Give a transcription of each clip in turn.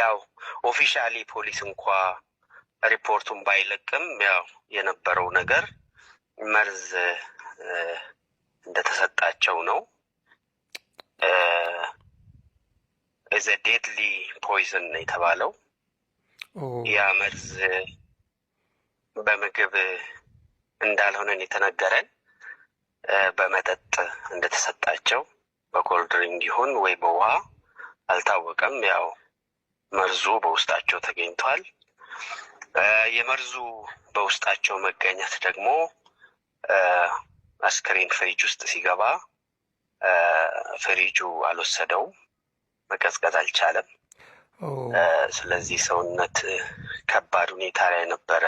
ያው ኦፊሻሊ ፖሊስ እንኳ ሪፖርቱን ባይለቅም ያው የነበረው ነገር መርዝ እንደተሰጣቸው ነው። እዘ ዴድሊ ፖይዝን ነው የተባለው። ያ መርዝ በምግብ እንዳልሆነን የተነገረን በመጠጥ እንደተሰጣቸው በኮልድሪንግ ይሁን ወይ በውሃ አልታወቀም። ያው መርዙ በውስጣቸው ተገኝቷል። የመርዙ በውስጣቸው መገኘት ደግሞ አስክሬን ፍሪጅ ውስጥ ሲገባ ፍሪጁ አልወሰደውም፣ መቀዝቀዝ አልቻለም። ስለዚህ ሰውነት ከባድ ሁኔታ ላይ ነበረ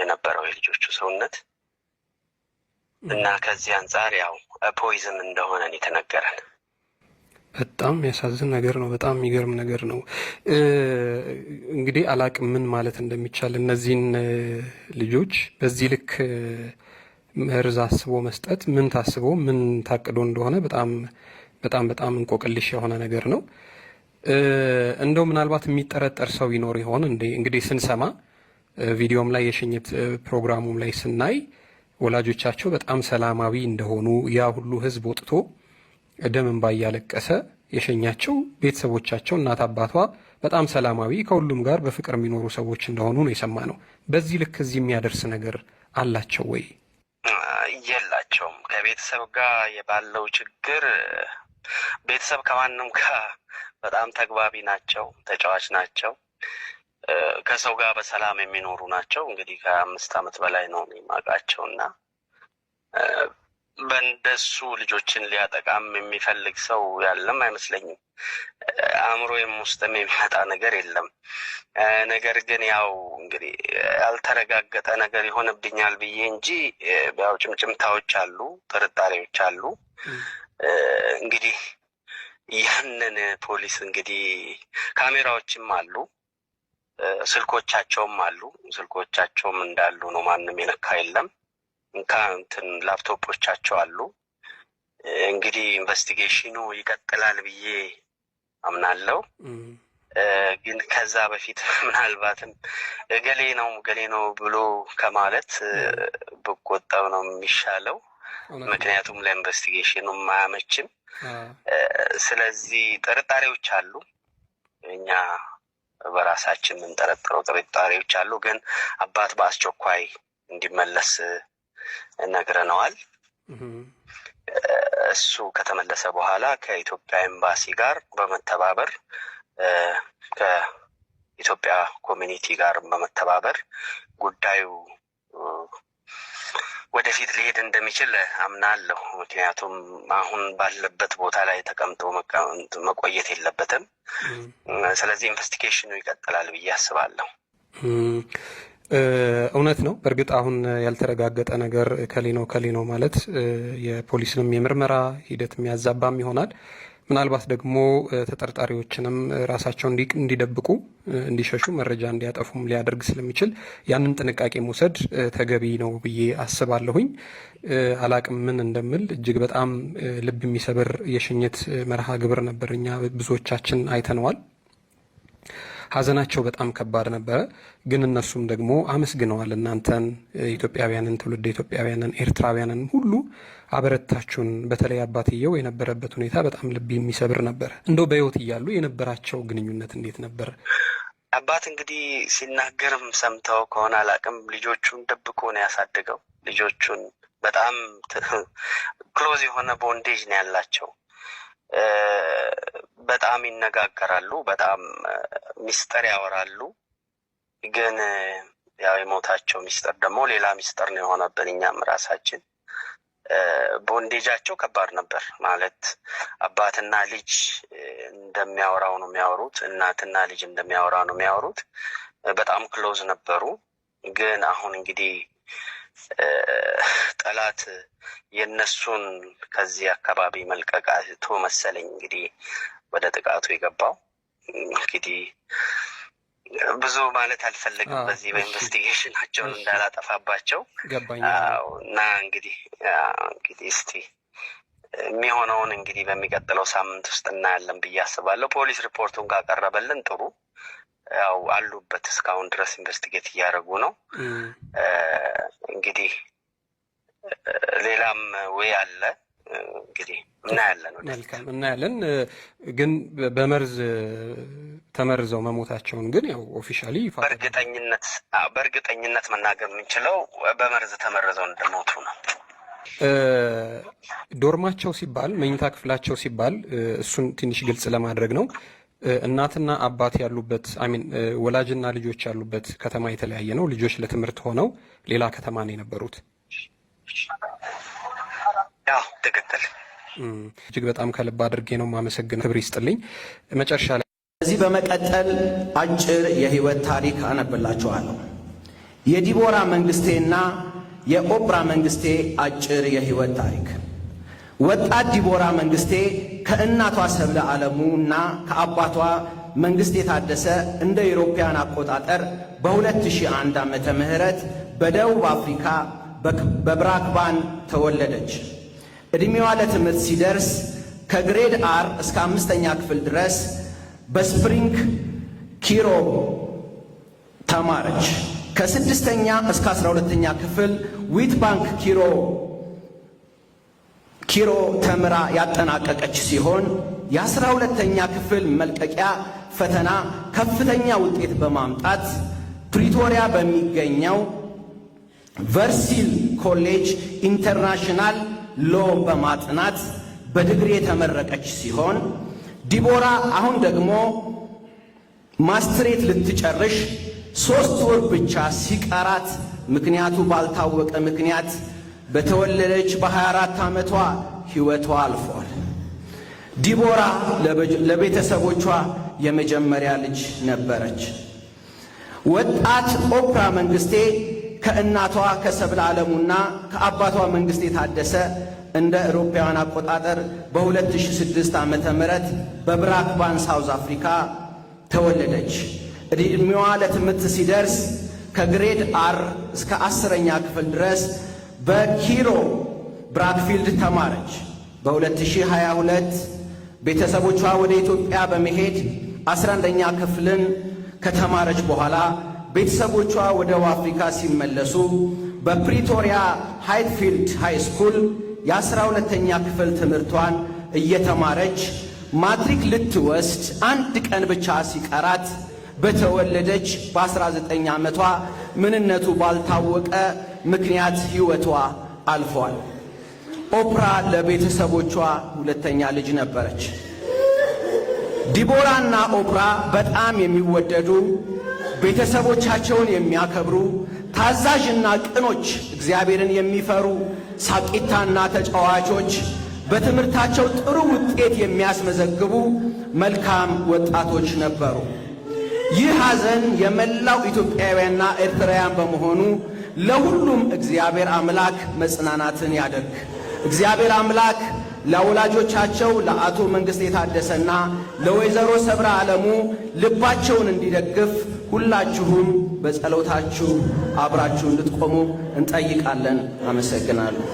የነበረው የልጆቹ ሰውነት እና ከዚህ አንጻር ያው ፖይዝም እንደሆነን የተነገረን በጣም የሚያሳዝን ነገር ነው። በጣም የሚገርም ነገር ነው። እንግዲህ አላቅም ምን ማለት እንደሚቻል እነዚህን ልጆች በዚህ ልክ መርዝ አስቦ መስጠት ምን ታስቦ ምን ታቅዶ እንደሆነ በጣም በጣም በጣም እንቆቅልሽ የሆነ ነገር ነው። እንደው ምናልባት የሚጠረጠር ሰው ይኖር ይሆን እንዴ? እንግዲህ ስንሰማ ቪዲዮም ላይ የሽኝት ፕሮግራሙም ላይ ስናይ ወላጆቻቸው በጣም ሰላማዊ እንደሆኑ ያ ሁሉ ህዝብ ወጥቶ ደም እንባ እያለቀሰ የሸኛቸው ቤተሰቦቻቸው እናት አባቷ በጣም ሰላማዊ ከሁሉም ጋር በፍቅር የሚኖሩ ሰዎች እንደሆኑ ነው የሰማ ነው። በዚህ ልክ እዚህ የሚያደርስ ነገር አላቸው ወይ? የላቸውም። ከቤተሰብ ጋር የባለው ችግር ቤተሰብ ከማንም ጋር በጣም ተግባቢ ናቸው፣ ተጫዋች ናቸው፣ ከሰው ጋር በሰላም የሚኖሩ ናቸው። እንግዲህ ከአምስት ዓመት በላይ ነው የማውቃቸው እና በእንደሱ ልጆችን ሊያጠቃም የሚፈልግ ሰው ያለም አይመስለኝም። አእምሮዬም ውስጥም የሚመጣ ነገር የለም። ነገር ግን ያው እንግዲህ ያልተረጋገጠ ነገር ይሆንብኛል ብዬ እንጂ ያው ጭምጭምታዎች አሉ፣ ጥርጣሬዎች አሉ። እንግዲህ ያንን ፖሊስ እንግዲህ ካሜራዎችም አሉ፣ ስልኮቻቸውም አሉ። ስልኮቻቸውም እንዳሉ ነው። ማንም የነካ የለም። እንትን ላፕቶፖቻቸው አሉ። እንግዲህ ኢንቨስቲጌሽኑ ይቀጥላል ብዬ አምናለው። ግን ከዛ በፊት ምናልባትም እገሌ ነው እገሌ ነው ብሎ ከማለት ብቆጠብ ነው የሚሻለው። ምክንያቱም ለኢንቨስቲጌሽኑ አያመችም። ስለዚህ ጥርጣሬዎች አሉ፣ እኛ በራሳችን የምንጠረጥረው ጥርጣሬዎች አሉ። ግን አባት በአስቸኳይ እንዲመለስ ነግረነዋል። እሱ ከተመለሰ በኋላ ከኢትዮጵያ ኤምባሲ ጋር በመተባበር ከኢትዮጵያ ኮሚኒቲ ጋር በመተባበር ጉዳዩ ወደፊት ሊሄድ እንደሚችል አምናለሁ። ምክንያቱም አሁን ባለበት ቦታ ላይ ተቀምጦ መቆየት የለበትም። ስለዚህ ኢንቨስቲጌሽኑ ይቀጥላል ብዬ አስባለሁ። እውነት ነው። በእርግጥ አሁን ያልተረጋገጠ ነገር ከሊኖ ከሊኖ ማለት የፖሊስንም የምርመራ ሂደት የሚያዛባም ይሆናል። ምናልባት ደግሞ ተጠርጣሪዎችንም ራሳቸውን እንዲደብቁ፣ እንዲሸሹ፣ መረጃ እንዲያጠፉም ሊያደርግ ስለሚችል ያንን ጥንቃቄ መውሰድ ተገቢ ነው ብዬ አስባለሁኝ። አላቅም ምን እንደምል እጅግ በጣም ልብ የሚሰብር የሽኝት መርሃ ግብር ነበር። እኛ ብዙዎቻችን አይተነዋል። ሀዘናቸው በጣም ከባድ ነበረ። ግን እነሱም ደግሞ አመስግነዋል። እናንተን ኢትዮጵያውያንን፣ ትውልድ ኢትዮጵያውያንን፣ ኤርትራውያንን ሁሉ አበረታችሁን። በተለይ አባትየው የነበረበት ሁኔታ በጣም ልብ የሚሰብር ነበረ። እንደው በህይወት እያሉ የነበራቸው ግንኙነት እንዴት ነበር? አባት እንግዲህ ሲናገርም ሰምተው ከሆነ አላቅም፣ ልጆቹን ደብቆ ነው ያሳደገው። ልጆቹን በጣም ክሎዝ የሆነ ቦንዴጅ ነው ያላቸው በጣም ይነጋገራሉ፣ በጣም ሚስጥር ያወራሉ። ግን ያው የሞታቸው ሚስጥር ደግሞ ሌላ ሚስጥር ነው የሆነብን እኛም ራሳችን ቦንዴጃቸው ከባድ ነበር። ማለት አባትና ልጅ እንደሚያወራው ነው የሚያወሩት፣ እናትና ልጅ እንደሚያወራ ነው የሚያወሩት። በጣም ክሎዝ ነበሩ። ግን አሁን እንግዲህ ጠላት የነሱን ከዚህ አካባቢ መልቀቅ አቶ መሰለኝ እንግዲህ ወደ ጥቃቱ የገባው እንግዲህ ብዙ ማለት አልፈለግም። በዚህ በኢንቨስቲጌሽናቸውን እንዳላጠፋባቸው እና እንግዲህ እንግዲህ እስቲ የሚሆነውን እንግዲህ በሚቀጥለው ሳምንት ውስጥ እናያለን ብዬ አስባለሁ። ፖሊስ ሪፖርቱን ካቀረበልን ጥሩ ያው አሉበት እስካሁን ድረስ ኢንቨስቲጌት እያደረጉ ነው። እንግዲህ ሌላም ወይ አለ እንግዲህ እናያለን። መልካም እናያለን። ግን በመርዝ ተመርዘው መሞታቸውን ግን ያው ኦፊሻሊ በእርግጠኝነት በእርግጠኝነት መናገር የምንችለው በመርዝ ተመርዘው እንደሞቱ ነው። ዶርማቸው ሲባል መኝታ ክፍላቸው ሲባል እሱን ትንሽ ግልጽ ለማድረግ ነው እናትና አባት ያሉበት አሚን ወላጅና ልጆች ያሉበት ከተማ የተለያየ ነው። ልጆች ለትምህርት ሆነው ሌላ ከተማ ነው የነበሩት። ትክክል። እጅግ በጣም ከልብ አድርጌ ነው ማመሰግን። ክብር ይስጥልኝ። መጨረሻ ላይ እዚህ በመቀጠል አጭር የህይወት ታሪክ አነብላችኋለሁ። የዲቦራ መንግስቴና የኦፕራ መንግስቴ አጭር የህይወት ታሪክ። ወጣት ዲቦራ መንግስቴ ከእናቷ ሰብለ ዓለሙ እና ከአባቷ መንግሥት የታደሰ እንደ ኢሮፓያን አቆጣጠር በ2001 ዓመተ ምህረት በደቡብ አፍሪካ በብራክባን ተወለደች። ዕድሜዋ ለትምህርት ሲደርስ ከግሬድ አር እስከ አምስተኛ ክፍል ድረስ በስፕሪንግ ኪሮ ተማረች። ከስድስተኛ እስከ አስራ ሁለተኛ ክፍል ዊትባንክ ኪሮ ኪሮ ተምራ ያጠናቀቀች ሲሆን የአስራ ሁለተኛ ክፍል መልቀቂያ ፈተና ከፍተኛ ውጤት በማምጣት ፕሪቶሪያ በሚገኘው ቨርሲል ኮሌጅ ኢንተርናሽናል ሎ በማጥናት በድግሪ የተመረቀች ሲሆን ዲቦራ አሁን ደግሞ ማስትሬት ልትጨርሽ ሶስት ወር ብቻ ሲቀራት ምክንያቱ ባልታወቀ ምክንያት በተወለደች በ24 ዓመቷ ሕይወቷ አልፏል። ዲቦራ ለቤተሰቦቿ የመጀመሪያ ልጅ ነበረች። ወጣት ኦፕራ መንግስቴ ከእናቷ ከሰብል ዓለሙና ከአባቷ መንግስቴ ታደሰ እንደ አውሮፓውያን አቆጣጠር በ2006 ዓ ም በብራክባን ሳውዝ አፍሪካ ተወለደች። ዕድሜዋ ለትምህርት ሲደርስ ከግሬድ አር እስከ አስረኛ ክፍል ድረስ በኪሮ ብራክፊልድ ተማረች። በ2022 ቤተሰቦቿ ወደ ኢትዮጵያ በመሄድ 11ኛ ክፍልን ከተማረች በኋላ ቤተሰቦቿ ወደ አፍሪካ ሲመለሱ በፕሪቶሪያ ሃይትፊልድ ሃይ ስኩል የ12ተኛ ክፍል ትምህርቷን እየተማረች ማትሪክ ልትወስድ አንድ ቀን ብቻ ሲቀራት በተወለደች በ19 ዓመቷ ምንነቱ ባልታወቀ ምክንያት ሕይወቷ አልፏል። ኦፕራ ለቤተሰቦቿ ሁለተኛ ልጅ ነበረች። ዲቦራና ኦፕራ በጣም የሚወደዱ ቤተሰቦቻቸውን የሚያከብሩ ታዛዥና ቅኖች፣ እግዚአብሔርን የሚፈሩ ሳቂታና ተጫዋቾች፣ በትምህርታቸው ጥሩ ውጤት የሚያስመዘግቡ መልካም ወጣቶች ነበሩ። ይህ ሐዘን የመላው ኢትዮጵያውያንና ኤርትራውያን በመሆኑ ለሁሉም እግዚአብሔር አምላክ መጽናናትን ያደርግ። እግዚአብሔር አምላክ ለወላጆቻቸው ለአቶ መንግሥቴ የታደሰና ለወይዘሮ ሰብራ ዓለሙ ልባቸውን እንዲደግፍ ሁላችሁም በጸሎታችሁ አብራችሁ እንድትቆሙ እንጠይቃለን። አመሰግናለሁ።